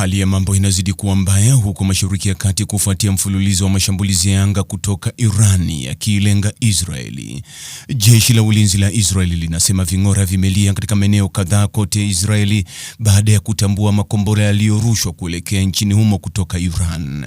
Hali ya mambo inazidi kuwa mbaya huko Mashariki ya Kati kufuatia mfululizo wa mashambulizi ya anga kutoka Irani yakiilenga Israeli. Jeshi la ulinzi la Israeli linasema ving'ora vimelia katika maeneo kadhaa kote Israeli baada ya kutambua makombora yaliyorushwa kuelekea nchini humo kutoka Iran.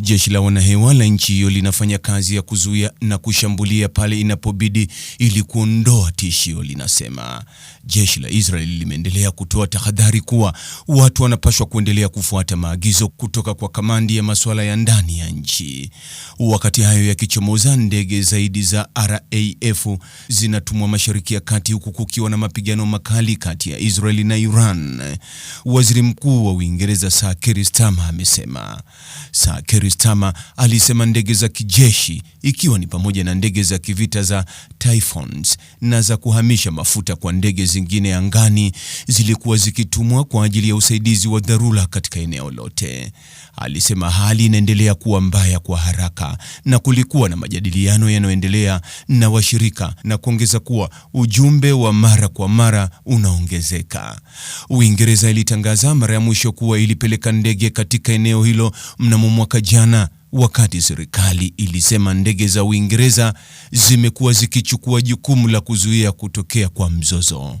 Jeshi la wanahewa la nchi hiyo linafanya kazi ya kuzuia na kushambulia pale inapobidi ili kuondoa tishio, linasema. Jeshi la Israeli limeendelea kutoa tahadhari kuwa watu wanapaswa kuendelea kuendelea kufuata maagizo kutoka kwa kamandi ya masuala ya ndani ya nchi. Wakati hayo yakichomoza, ndege zaidi za RAF zinatumwa Mashariki ya Kati huku kukiwa na mapigano makali kati ya Israeli na Iran. Waziri Mkuu wa Uingereza Sir Keir Starmer amesema. Sir Keir Starmer alisema ndege za kijeshi ikiwa ni pamoja na ndege za kivita za Typhoons na za kuhamisha mafuta kwa ndege zingine angani zilikuwa zikitumwa kwa ajili ya usaidizi wa dharura chakula katika eneo lote. Alisema hali inaendelea kuwa mbaya kwa haraka na kulikuwa na majadiliano yanayoendelea na washirika na kuongeza kuwa ujumbe wa mara kwa mara unaongezeka. Uingereza ilitangaza mara ya mwisho kuwa ilipeleka ndege katika eneo hilo mnamo mwaka jana wakati serikali ilisema ndege za Uingereza zimekuwa zikichukua jukumu la kuzuia kutokea kwa mzozo.